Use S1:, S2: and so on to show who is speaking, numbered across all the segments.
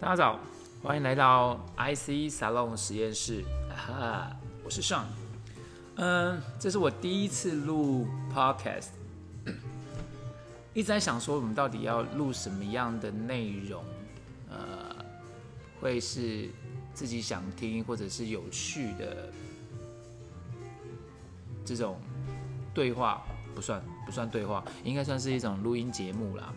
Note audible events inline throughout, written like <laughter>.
S1: 大家好，歡迎來到 ICE Salon 實驗室，啊、我是 Sean，嗯，這是我第一次錄 podcast，一直在想說我們到底要錄什麼樣的內容，呃，會是自己想聽或者是有趣的這種對話，不算不算對話，應該算是一種錄音節目啦。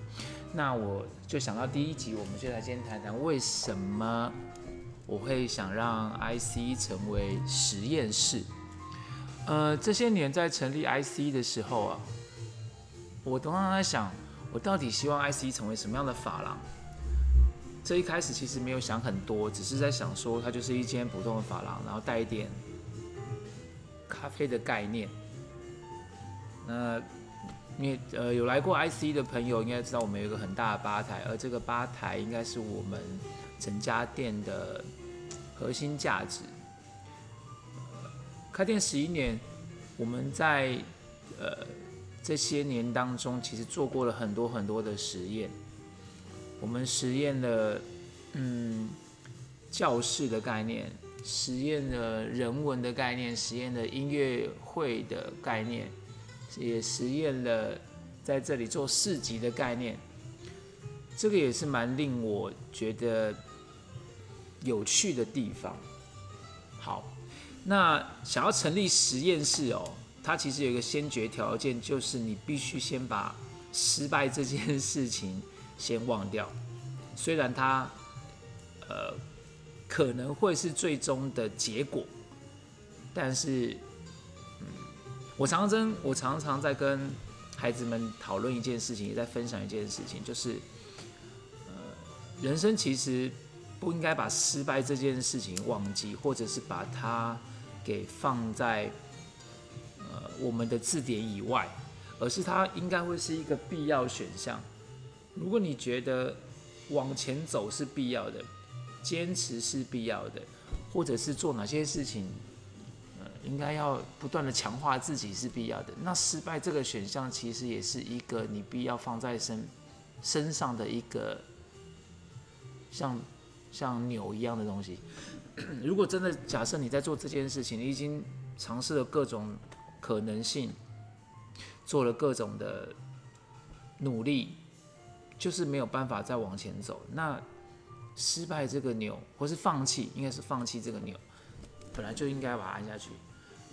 S1: 那我就想到第一集，我們就來先談談為什麼我會想讓 ICE 成為實驗室。呃，這些年在成立 ICE 的時候啊，我常常在想，我到底希望 ICE 成為什麼樣的髮廊？這一開始其實沒有想很多，只是在想說它就是一間普通的髮廊，然後帶一點咖啡的概念。那、呃。因為呃，有來過 IC 的朋友應該知道，我們有一個很大的吧台，而這個吧台應該是我們整家店的核心價值。呃，開店十一年，我們在呃這些年當中，其實做過了很多很多的實驗。我們實驗了嗯教室的概念，實驗了人文的概念，實驗了音樂會的概念。也實驗了在這裡做市集的概念。這個也是蠻令我覺得有趣的地方。好，那想要成立實驗室哦，它其實有一個先決條件，就是你必須先把失敗這件事情先忘掉。雖然它呃可能會是最終的結果，但是。我常常，我常常在跟孩子們討論一件事情，也在分享一件事情，就是，呃，人生其實不應該把失敗這件事情忘記，或者是把它給放在，呃，我們的字典以外，而是它應該會是一個必要選項。如果你覺得往前走是必要的，堅持是必要的，或者是做哪些事情。應該要不斷的強化自己是必要的。那失敗這個選項其實也是一個你必要放在身身上的一個像像鈕一樣的東西。 <coughs> 如果真的假設你在做這件事情，你已經嘗試了各種可能性，做了各種的努力，就是沒有辦法再往前走。那失敗這個鈕，或是放棄，應該是放棄這個鈕，本來就應該把它按下去。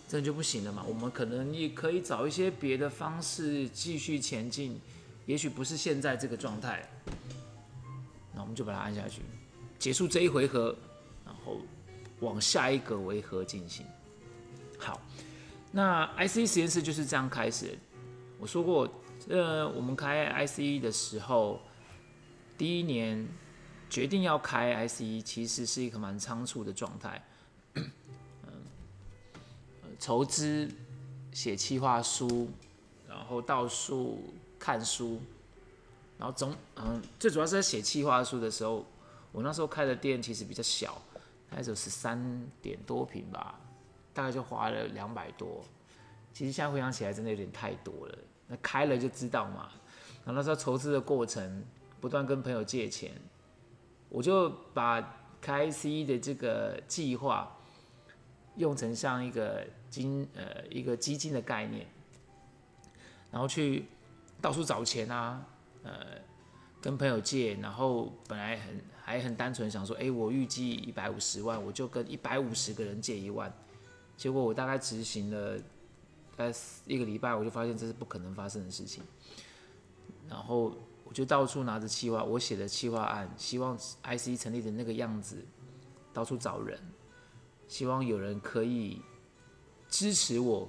S1: 這樣就不行了嘛？我們可能也可以找一些別的方式繼續前進，也許不是現在這個狀態。那我們就把它按下去，結束這一回合，然後往下一格回合一個回合進行。好，那 ICE 實驗室就是這樣開始。我說過，呃，我們開 ICE 的時候，第一年決定要開 ICE，其實是一個蠻倉促的狀態。籌資、寫計劃書，然後到處看書，然後總嗯，最主要是在寫計劃書的時候，我那時候開的店其實比較小，只有十三點多平吧，大概就花了兩百多。其實現在回想起來，真的有點太多了。那開了就知道嘛。然後那時候籌資的過程，不斷跟朋友借錢，我就把開 C 的這個計劃用成像一個。金，呃一個基金的概念，然後去到處找錢啊，呃跟朋友借，然後本來很還很單純想說，哎，我預計一百五十萬，我就跟一百五十個人借一萬，結果我大概執行了在一個禮拜，我就發現這是不可能發生的事情，然後我就到處拿着企劃，我寫的企劃案，希望 I C 成立的那個樣子，到處找人，希望有人可以。支持我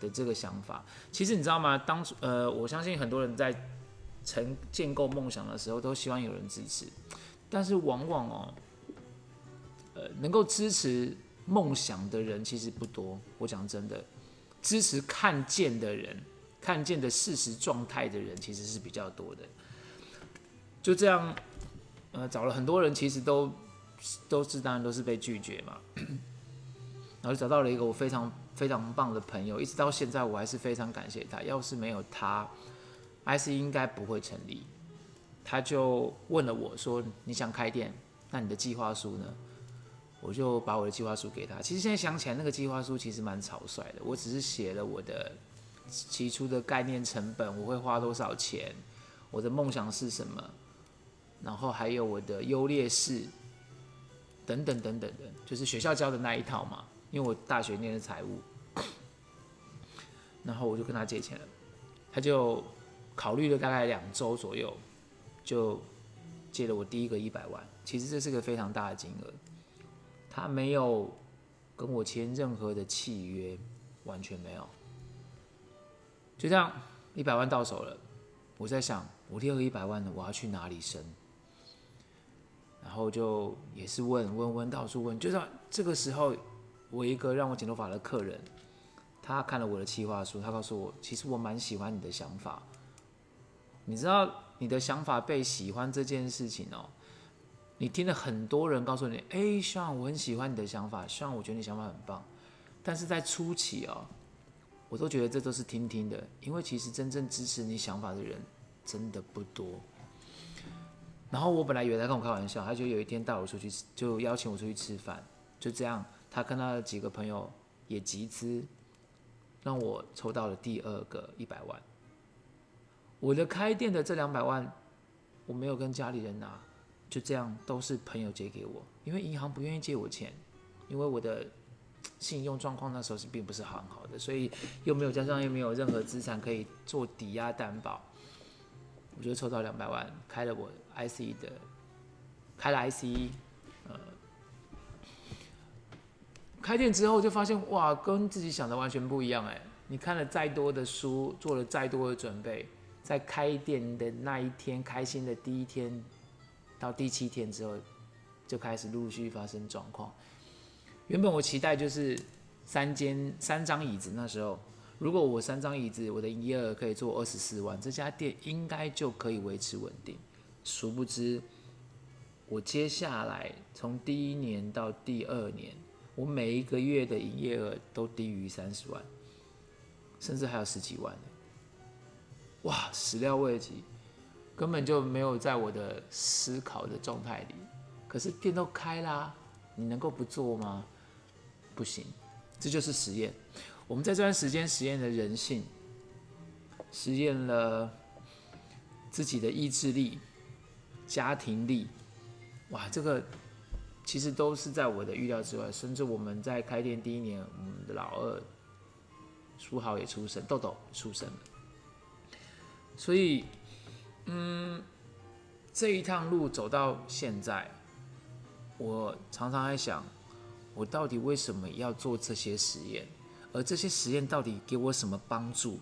S1: 的這個想法，其實你知道嗎？當初呃，我相信很多人在成建構夢想的時候，都希望有人支持，但是往往哦，呃，能夠支持夢想的人其實不多。我講真的，支持看見的人，看見的事實狀態的人，其實是比較多的。就這樣，呃，找了很多人，其實都都是當然都是被拒絕嘛。然後就找到了一個我非常非常棒的朋友，一直到現在我還是非常感謝他。要是沒有他 IC 應該不會成立。他就問了我說：“你想開店？那你的計劃書呢？”我就把我的計劃書給他。其實現在想起來，那個計劃書其實蠻草率的。我只是寫了我的起初的概念成本，我會花多少錢，我的夢想是什麼，然後還有我的優劣勢等等等等的，就是學校教的那一套嘛。因為我大學念的財務，然後我就跟他借錢了，他就考慮了大概兩周左右，就借了我第一個一百萬。其實這是個非常大的金額，他沒有跟我簽任何的契約，完全沒有，就這樣一百萬到手了。我在想，我第二個一百萬呢，我要去哪裡生？然後就也是問問問，到處問，就是這個時候。我一個讓我剪頭髮的客人，他看了我的企劃書，他告訴我，其實我蠻喜歡你的想法。你知道，你的想法被喜歡這件事情哦，你聽了很多人告訴你，哎，希望我很喜歡你的想法，希望我覺得你想法很棒。但是在初期哦，我都覺得這都是聽聽的，因為其實真正支持你想法的人真的不多。然後我本來以為他跟我開玩笑，他就有一天帶我出去，就邀請我出去吃飯，就這樣。他跟他的幾個朋友也集資，讓我籌到了第二個一百萬。我的開店的這兩百萬，我沒有跟家裡人拿，啊，就這樣都是朋友借給我，因為銀行不願意借我錢，因為我的信用狀況那時候是並不是很好的，所以又沒有加上又沒有任何資產可以做抵押擔保。我就籌到兩百萬，開了我 ICE 的，開了 ICE。開店之後就發現哇，跟自己想的完全不一樣哎！你看了再多的書，做了再多的準備，在開店的那一天，開心的第一天，到第七天之後，就開始陸續發生狀況。原本我期待就是三間三張椅子，那時候如果我三張椅子，我的營業額可以做二十四萬，這家店應該就可以維持穩定。殊不知，我接下來從第一年到第二年。我每一個月的營業額都低於三十萬，甚至還有十幾萬的，哇，始料未及，根本就沒有在我的思考的狀態裡。可是店都開啦，你能夠不做嗎？不行，這就是實驗。我們在這段時間實驗了人性，實驗了自己的意志力、家庭力，哇，這個。其實都是在我的預料之外，甚至我們在開店第一年，我們的老二書豪也出生，豆豆也出生。所以，嗯，這一趟路走到現在，我常常在想，我到底為什麼要做這些實驗？而這些實驗到底給我什麼幫助？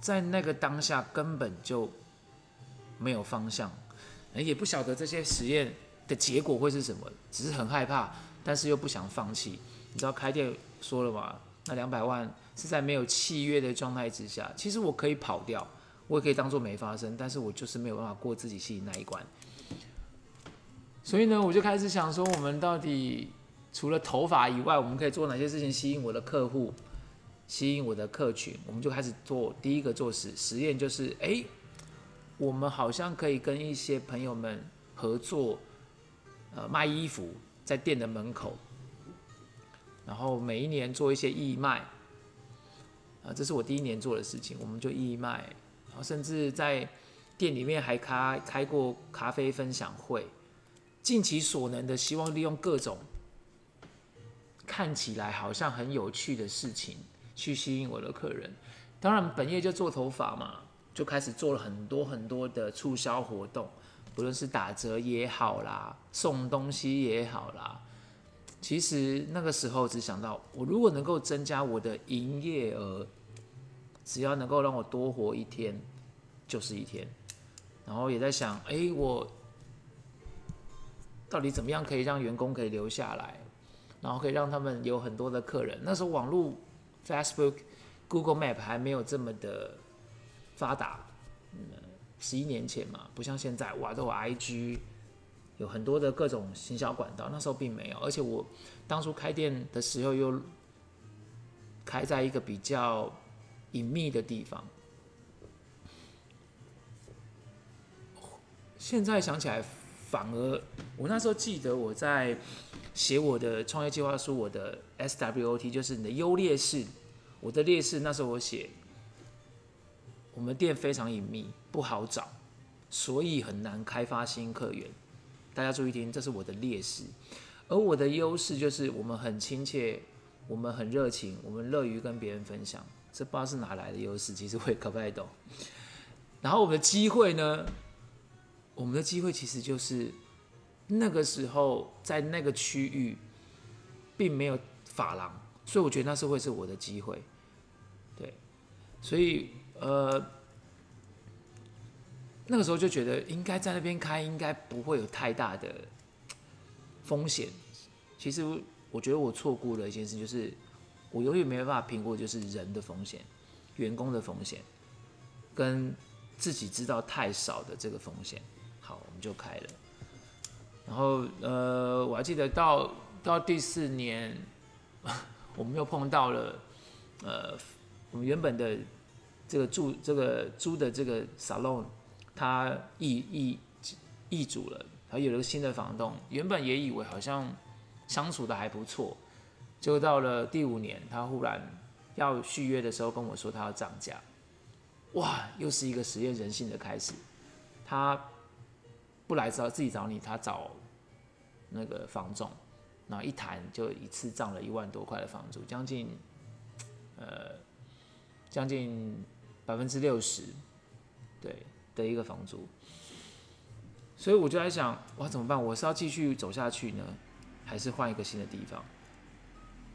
S1: 在那個當下根本就沒有方向，也不曉得這些實驗的結果會是什麼？只是很害怕，但是又不想放棄。你知道開店說了嘛？那兩百萬是在沒有契約的狀態之下，其實我可以跑掉，我也可以當做沒發生，但是我就是沒有辦法過自己心裡那一關。所以呢，我就開始想說，我們到底除了頭髮以外，我們可以做哪些事情吸引我的客戶，吸引我的客群？我們就開始做第一個做實實驗，就是哎，我們好像可以跟一些朋友們合作。呃，賣衣服在店的門口，然後每一年做一些義賣，啊、呃，這是我第一年做的事情，我們就義賣，然後甚至在店裡面還開開過咖啡分享會，盡其所能的希望利用各種看起來好像很有趣的事情去吸引我的客人。當然，本業就做頭髮嘛，就開始做了很多很多的促銷活動。不論是打折也好啦，送東西也好啦，其實那個時候只想到，我如果能夠增加我的營業額，只要能夠讓我多活一天，就是一天。然後也在想，哎、欸，我到底怎麼樣可以讓員工可以留下來，然後可以讓他們有很多的客人。那時候網絡，Facebook、Google Map 還沒有這麼的發達。嗯十一年前嘛，不像現在，哇，都有 IG，有很多的各種行銷管道，那時候並沒有。而且我當初開店的時候，又開在一個比較隱秘的地方。現在想起來，反而我那時候記得我在寫我的創業計劃書，我的 SWOT 就是你的優劣勢，我的劣勢，那時候我寫。我們店非常隱秘，不好找，所以很難開發新客源。大家注意聽，這是我的劣勢。而我的優勢就是我們很親切，我們很熱情，我們樂於跟別人分享。這不知道是哪來的優勢，其實我也搞不太懂。然後我們的機會呢？我們的機會其實就是那個時候在那個區域並沒有髮廊，所以我覺得那是會是我的機會。對，所以。呃，那個時候就覺得應該在那邊開，應該不會有太大的風險。其實我覺得我錯過了一件事，就是我永遠沒辦法評估，就是人的風險、員工的風險跟自己知道太少的這個風險。好，我們就開了。然後呃，我還記得到到第四年，我們又碰到了呃，我們原本的。這個租這個租的這個 salon，他易易易主了，他有了個新的房東。原本也以為好像相處的還不錯，結果到了第五年，他忽然要續約的時候跟我說他要漲價。哇，又是一個實驗人性的開始。他不來找自己找你，他找那個房仲，然後一談就一次漲了一萬多塊的房租，將近呃將近。百分之六十，對的一個房租，所以我就在想，哇，怎麼辦？我是要繼續走下去呢，還是換一個新的地方？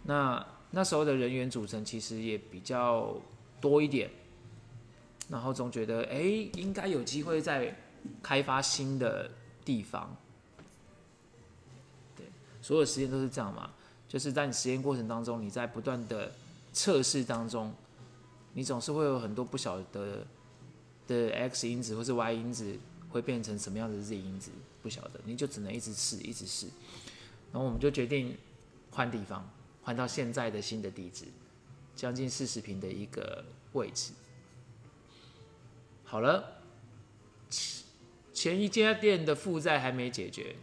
S1: 那那時候的人員組成其實也比較多一點，然後總覺得，誒、欸，應該有機會再開發新的地方。對，所有實驗都是這樣嘛，就是在你實驗過程當中，你在不斷的測試當中。你總是會有很多不曉得的 x 因子，或是 y 因子會變成什麼樣的 z 因子，不曉得，你就只能一直試，一直試。然後我們就決定換地方，換到現在的新的地址，將近四十坪的一個位置。好了，前一家店的負債還沒解決，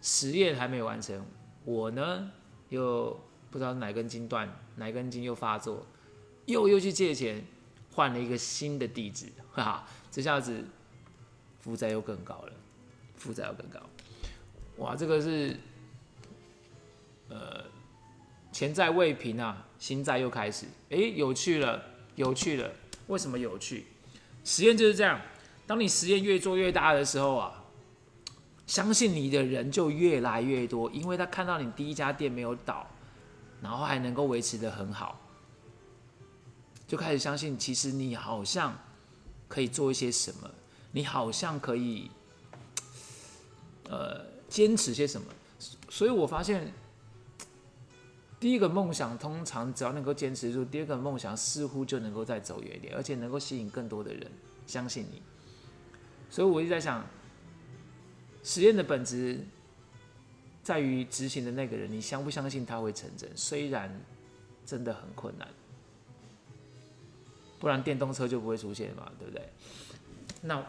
S1: 實驗還沒完成，我呢又不知道哪根筋斷，哪根筋又發作。又又去借錢，換了一個新的地址，哈哈，這下子負債又更高了，負債又更高，哇，這個是呃，前債未平啊，新債又開始，哎，有趣了，有趣了，為什麼有趣？實驗就是這樣，當你實驗越做越大的時候啊，相信你的人就越來越多，因為他看到你第一家店沒有倒，然後還能夠維持得很好。就開始相信，其實你好像可以做一些什麼，你好像可以呃堅持些什麼，所以我發現第一個夢想通常只要能夠堅持住，第二個夢想似乎就能夠再走遠一點，而且能夠吸引更多的人相信你。所以我一直在想，實驗的本質在於執行的那個人，你相不相信他會成真？雖然真的很困難。不然電動車就不會出現嘛，對不對？那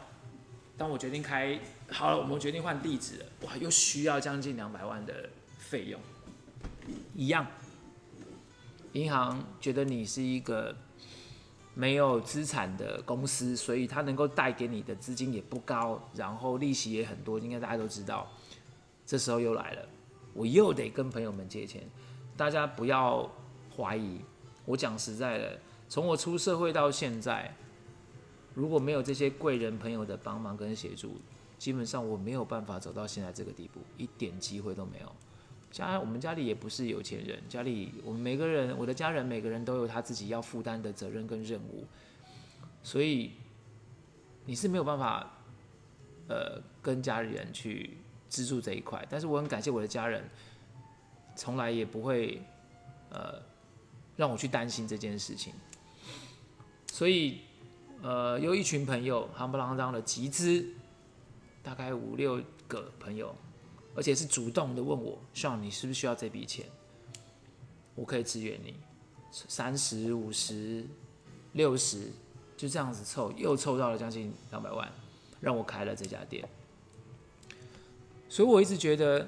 S1: 當我決定開好了，我們決定換地址了。哇，又需要將近兩百萬的費用，一樣。銀行覺得你是一個沒有資產的公司，所以它能夠貸給你的資金也不高，然後利息也很多，應該大家都知道。這時候又來了，我又得跟朋友們借錢。大家不要懷疑，我講實在的。從我出社會到現在，如果沒有這些貴人朋友的幫忙跟協助，基本上我沒有辦法走到現在這個地步，一點機會都沒有。家，我們家裡也不是有錢人，家裡我們每個人，我的家人每個人都有他自己要負擔的責任跟任務，所以你是沒有辦法，呃，跟家裡人去資助這一塊。但是我很感謝我的家人，從來也不會，呃，讓我去擔心這件事情。所以，呃，有一群朋友夯不啷當的集資，大概五六個朋友，而且是主動的問我 Sean，你是不是需要這筆錢？我可以支援你，三十五十、六十，就這樣子湊，又湊到了將近兩百萬，讓我開了這家店。所以我一直覺得，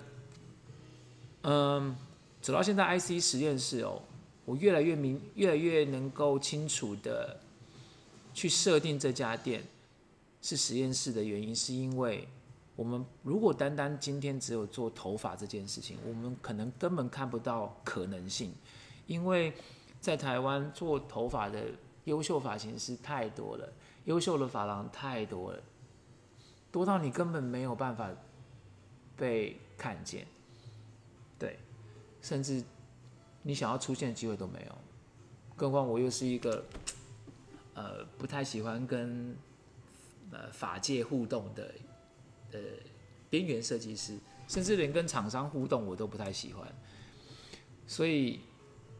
S1: 嗯、呃，走到現在 ICE 實驗室哦，我越來越明，越來越能夠清楚的，去設定這家店是實驗室的原因，是因為我們如果單單今天只有做頭髮這件事情，我們可能根本看不到可能性，因為在台灣做頭髮的優秀髮型師太多了，優秀的髮廊太多了，多到你根本沒有辦法被看見，對，甚至你想要出現的機會都沒有，更何況我又是一個。呃，不太喜歡跟，呃，髮界互動的，呃，邊緣設計師，甚至連跟廠商互動我都不太喜歡，所以，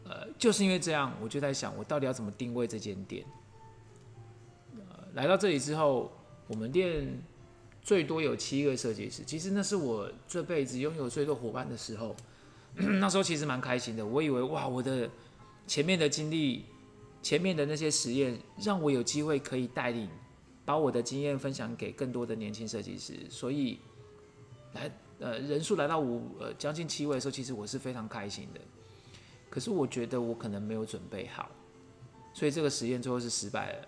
S1: 呃，就是因為這樣，我就在想，我到底要怎麼定位這間店？呃，來到這裡之後，我們店最多有七個設計師，其實那是我這輩子擁有最多夥伴的時候，咳咳，那時候其實蠻開心的，我以為哇，我的前面的經歷。前面的那些實驗讓我有機會可以帶領，把我的經驗分享給更多的年輕設計師，所以來呃人數來到五呃將近七位的時候，其實我是非常開心的。可是我覺得我可能沒有準備好，所以這個實驗最後是失敗了。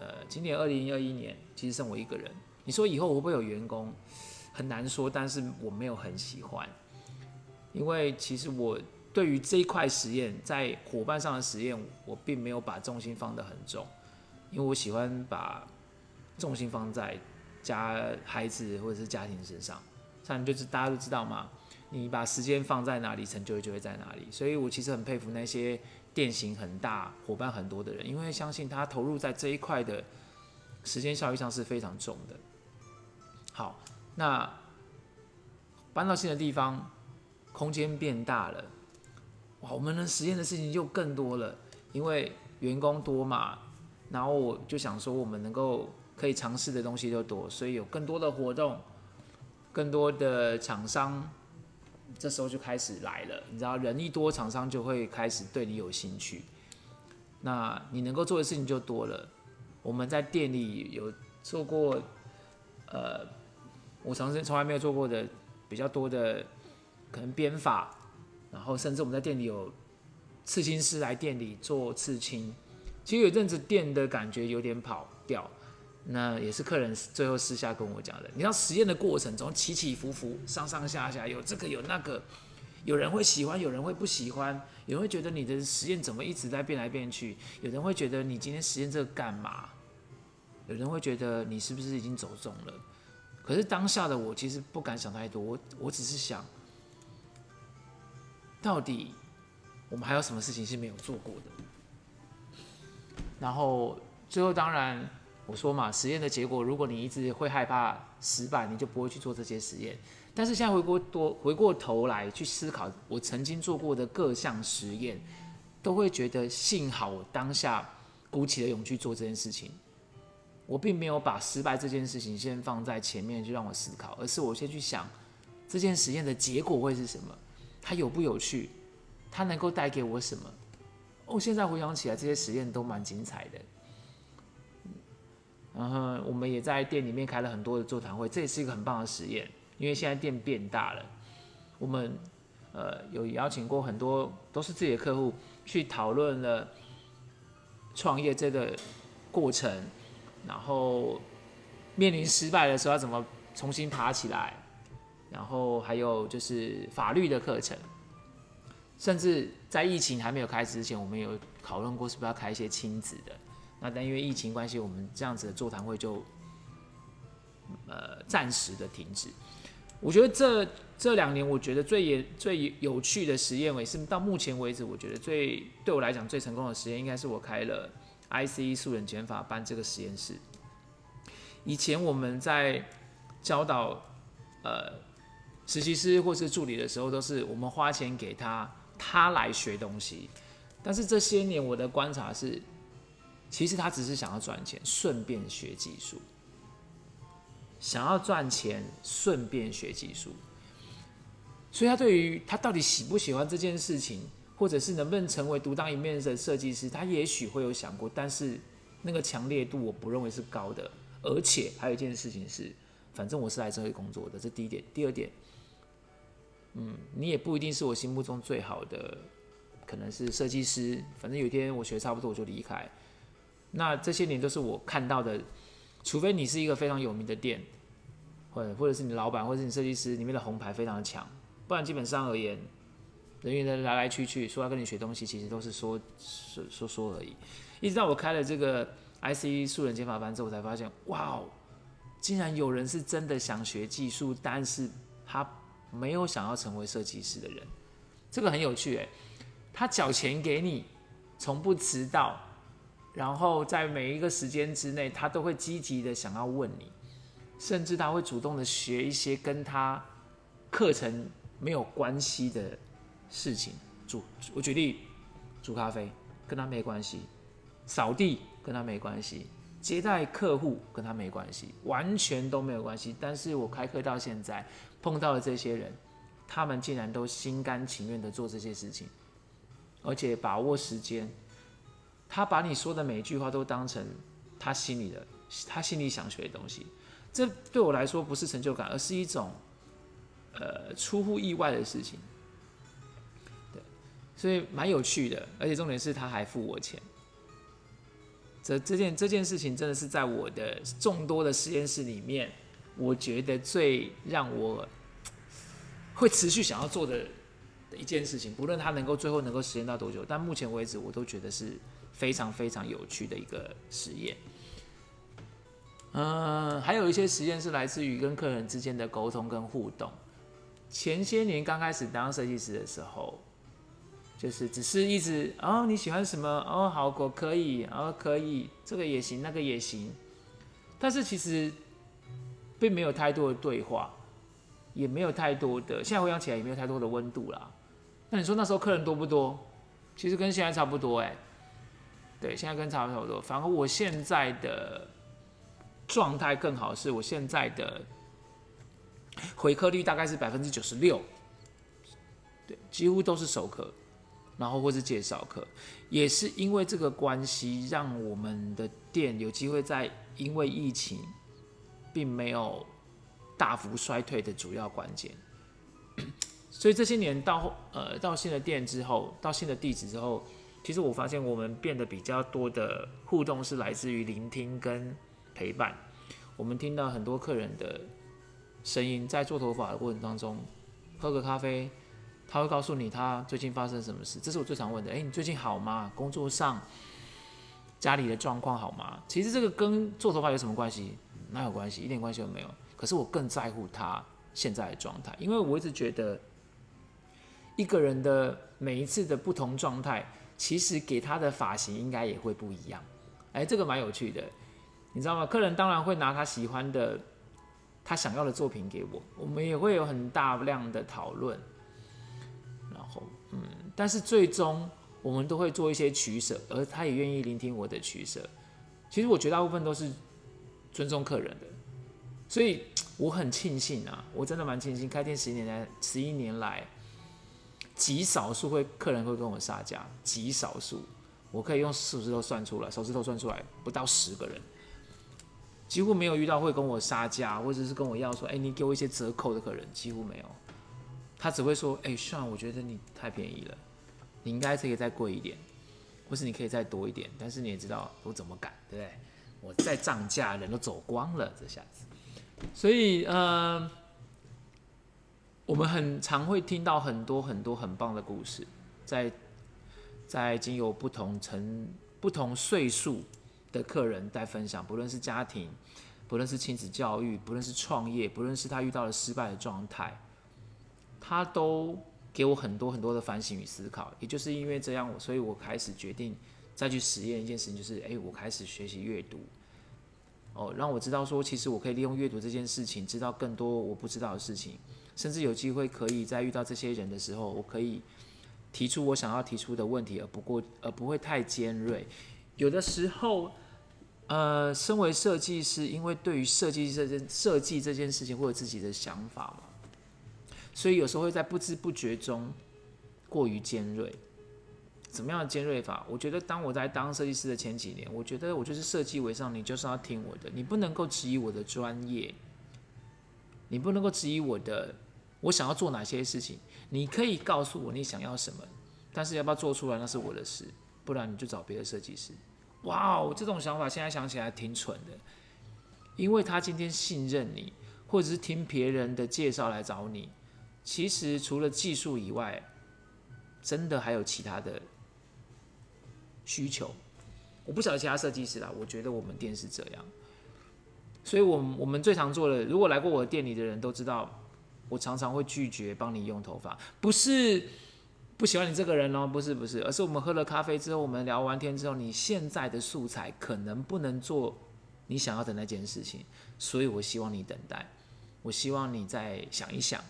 S1: 呃，今年二零二一年其實剩我一個人。你說以後會不會有員工？很難說，但是我沒有很喜歡，因為其實我。對於這一塊實驗，在夥伴上的實驗，我並沒有把重心放得很重，因為我喜歡把重心放在家孩子或者是家庭身上。像就是大家都知道嘛，你把時間放在哪裡，成就就會在哪裡。所以我其實很佩服那些店型很大、夥伴很多的人，因為相信他投入在這一塊的時間效益上是非常重的。好，那搬到新的地方，空間變大了。哇，我們能實驗的事情就更多了，因為員工多嘛，然後我就想說，我們能夠可以嘗試的東西就多，所以有更多的活動，更多的廠商，這時候就開始來了。你知道，人一多，廠商就會開始對你有興趣，那你能夠做的事情就多了。我們在店裡有做過，呃，我嘗試從來沒有做過的比較多的，可能編髮。然後甚至我們在店裡有刺青師來店裡做刺青，其實有一陣子店的感覺有點跑掉，那也是客人最後私下跟我講的。你知道實驗的過程中起起伏伏、上上下下，有這個有那個，有人會喜歡，有人會不喜歡，有人會覺得你的實驗怎麼一直在變來變去，有人會覺得你今天實驗這個幹嘛，有人會覺得你是不是已經走鐘了。可是當下的我其實不敢想太多，我我只是想。到底我們還有什麼事情是沒有做過的？然後最後當然我說嘛，實驗的結果，如果你一直會害怕失敗，你就不會去做這些實驗。但是現在回過多回過頭來去思考我曾經做過的各項實驗，都會覺得幸好我當下鼓起了勇氣做這件事情。我並沒有把失敗這件事情先放在前面去讓我思考，而是我先去想這件實驗的結果會是什麼。它有不有趣？它能夠帶給我什麼？哦，現在回想起來，這些實驗都蠻精彩的。嗯，然後我們也在店裡面開了很多的座談會，這也是一個很棒的實驗，因為現在店變大了，我們呃有邀請過很多都是自己的客戶去討論了創業這個過程，然後面臨失敗的時候要怎麼重新爬起來。然後還有就是法律的課程，甚至在疫情還沒有開始之前，我們有討論過是不是要開一些親子的。那但因為疫情關係，我們這樣子的座談會就呃暫時的停止。我覺得這這兩年，我覺得最最有趣的實驗，也是到目前為止，我覺得最對我來講最成功的實驗，應該是我開了 ICE 素人剪髮班這個實驗室。以前我們在教導呃。實習師或是助理的時候，都是我們花錢給他，他來學東西。但是這些年我的觀察是，其實他只是想要賺錢，順便學技術。想要賺錢，順便學技術。所以他對於他到底喜不喜歡這件事情，或者是能不能成為獨當一面的設計師，他也許會有想過。但是那個強烈度，我不認為是高的。而且還有一件事情是，反正我是來這裡工作的，這是第一點。第二點。嗯，你也不一定是我心目中最好的，可能是設計師。反正有一天我學差不多我就離開。那這些年都是我看到的，除非你是一個非常有名的店，或者或者是你老闆或者是你設計師裡面的紅牌非常的強，不然基本上而言，人員的來來去去，說要跟你學東西，其實都是說說說說而已。一直到我開了這個 ICE 素人減法班之後，我才發現，哇哦，竟然有人是真的想學技術，但是他。沒有想要成為設計師的人，這個很有趣誒、欸，他繳錢給你，從不遲到，然後在每一個時間之內，他都會積極地想要問你，甚至他會主動地學一些跟他課程沒有關係的事情。煮，我舉例，煮咖啡跟他沒關係，掃地跟他沒關係。接待客戶跟他沒關係，完全都沒有關係。但是我開課到現在，碰到了這些人，他們竟然都心甘情願的做這些事情，而且把握時間，他把你說的每一句話都當成他心裡的，他心裡想學的東西。這對我來說不是成就感，而是一種，呃，出乎意外的事情。對，所以蠻有趣的，而且重點是他還付我錢。這這件這件事情真的是在我的眾多的實驗室裡面，我覺得最讓我會持續想要做的一件事情，不論它能夠最後能夠實驗到多久，但目前為止我都覺得是非常非常有趣的一個實驗。嗯，還有一些實驗是來自於跟客人之間的溝通跟互動。前些年剛開始當設計師的時候，就是只是一直哦，你喜歡什麼哦？好，我可以哦，可以這個也行，那個也行。但是其實並沒有太多的對話，也沒有太多的，現在回想起來也沒有太多的溫度啦。那你說那時候客人多不多？其實跟現在差不多哎、欸。對，現在跟差不多。反而我現在的狀態更好，是我現在的回客率大概是百分之九十六，對，幾乎都是熟客。然後或是介紹客，也是因為這個關係，讓我們的店有機會在因為疫情並沒有大幅衰退的主要關鍵。 <coughs> 所以這些年到呃到新的店之後，到新的地址之後，其實我發現我們變得比較多的互動是來自於聆聽跟陪伴。我們聽到很多客人的聲音，在做頭髮的過程當中，喝個咖啡。他會告訴你他最近發生什麼事，這是我最常問的。誒，你最近好嗎？工作上、家裡的狀況好嗎？其實這個跟做頭髮有什麼關係？嗯，哪有關係？一點關係都沒有。可是我更在乎他現在的狀態，因為我一直覺得一個人的每一次的不同狀態，其實給他的髮型應該也會不一樣。誒，這個蠻有趣的，你知道嗎？客人當然會拿他喜歡的、他想要的作品給我，我們也會有很大量的討論。但是最終我們都會做一些取捨，而他也願意聆聽我的取捨。其實我絕大部分都是尊重客人的，所以我很慶幸啊，我真的蠻慶幸，開店十一年來十一年來，極少數會客人會跟我殺價，極少數，我可以用手指頭算出來，手指頭算出來不到十個人，幾乎沒有遇到會跟我殺價或者是跟我要說，哎，你給我一些折扣的客人幾乎沒有。他只會說：“哎、欸，算了，我覺得你太便宜了，你應該可以再貴一點，或是你可以再多一點。但是你也知道我怎麼敢，對不對？我再漲價，人都走光了，這下子。所以，呃，我們很常會聽到很多很多很棒的故事，在在經由不同成，不同歲數的客人在分享，不論是家庭，不論是親子教育，不論是創業，不論是他遇到了失敗的狀態。”他都給我很多很多的反省與思考，也就是因為這樣，我所以，我開始決定再去實驗一件事情，就是，哎、欸，我開始學習閱讀，哦，讓我知道說，其實我可以利用閱讀這件事情，知道更多我不知道的事情，甚至有機會可以在遇到這些人的時候，我可以提出我想要提出的問題，而不過，而不會太尖銳。有的時候，呃，身為設計師，因為對於設計這件設計這件事情，會有自己的想法嘛。所以有時候會在不知不覺中過於尖銳。怎麼樣的尖銳法？我覺得當我在當設計師的前幾年，我覺得我就是設計為上，你就是要聽我的，你不能夠質疑我的專業，你不能夠質疑我的，我想要做哪些事情。你可以告訴我你想要什麼，但是要不要做出來那是我的事，不然你就找別的設計師。哇，我這種想法現在想起來挺蠢的，因為他今天信任你，或者是聽別人的介紹來找你。其實除了技術以外，真的還有其他的需求。我不曉得其他設計師啦，我覺得我們店是這樣。所以我們，我我們最常做的，如果來過我店裡的人都知道，我常常會拒絕幫你用頭髮，不是不喜歡你這個人哦，不是不是，而是我們喝了咖啡之後，我們聊完天之後，你現在的素材可能不能做你想要的那件事情，所以我希望你等待，我希望你再想一想。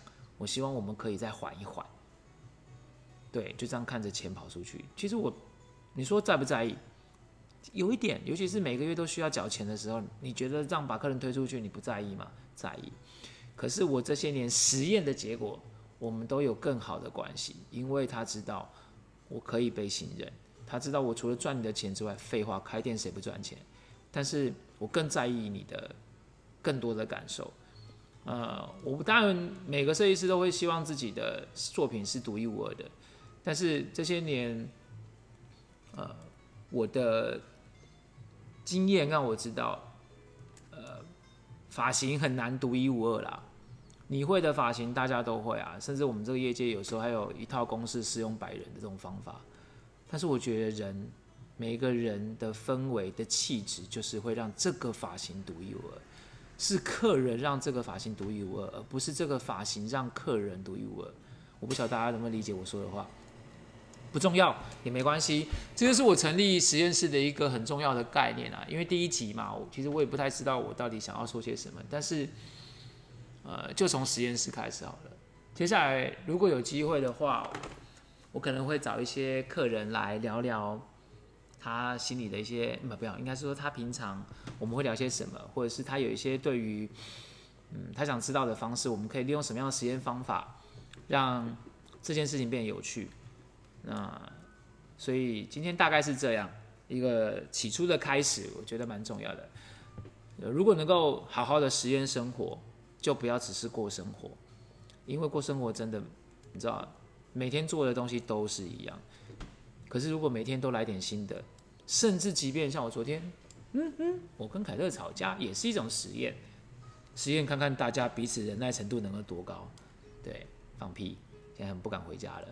S1: 我希望我們可以再緩一緩，對，就這樣看着錢跑出去。其實我，你說在不在意？有一點，尤其是每個月都需要繳錢的時候，你覺得這樣把客人推出去，你不在意嗎？在意。可是我這些年實驗的結果，我們都有更好的關係，因為他知道我可以被信任，他知道我除了賺你的錢之外，廢話，開店誰不賺錢？但是我更在意你的更多的感受。呃，我當然每個設計師都會希望自己的作品是獨一無二的，但是這些年，呃，我的經驗讓我知道，呃，髮型很難獨一無二啦。你會的髮型大家都會啊，甚至我們這個業界有時候還有一套公式適用百人的這種方法。但是我覺得人，每一個人的氛圍的氣質，就是會讓這個髮型獨一無二。是客人讓這個髮型獨一無二，而不是這個髮型讓客人獨一無二。我不曉得大家能不能理解我說的話，不重要也沒關係。這就是我成立實驗室的一個很重要的概念啊，因為第一集嘛，我其實我也不太知道我到底想要說些什麼，但是，呃，就從實驗室開始好了。接下來如果有機會的話，我可能會找一些客人來聊聊。他心裡的一些，不、嗯，不要，應該是說他平常我們會聊些什麼，或者是他有一些對於，嗯，他想知道的方式，我們可以利用什麼樣的實驗方法，讓這件事情變有趣。那所以今天大概是這樣一個起初的開始，我覺得蠻重要的。如果能夠好好的實驗生活，就不要只是過生活，因為過生活真的，你知道，每天做的東西都是一樣。可是，如果每天都來點新的，甚至即便像我昨天，嗯嗯，我跟凱特吵架也是一種實驗，實驗看看大家彼此忍耐程度能夠多高。對，放屁，現在很不敢回家了。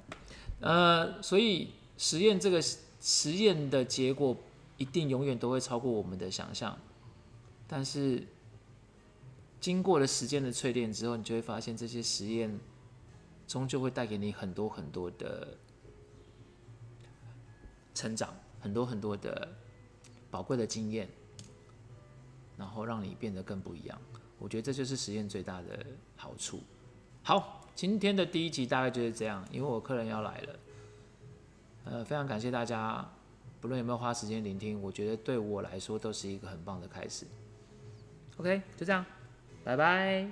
S1: 呃，所以實驗這個實驗的結果一定永遠都會超過我們的想象。但是，經過了時間的淬煉之後，你就會發現這些實驗終究會帶給你很多很多的。成長，很多很多的寶貴的經驗，然後讓你變得更不一樣。我覺得這就是實驗最大的好處。好，今天的第一集大概就是這樣。因為我客人要來了，呃，非常感謝大家，不論有沒有花時間聆聽，我覺得對我來說都是一個很棒的開始。OK，就這樣，拜拜。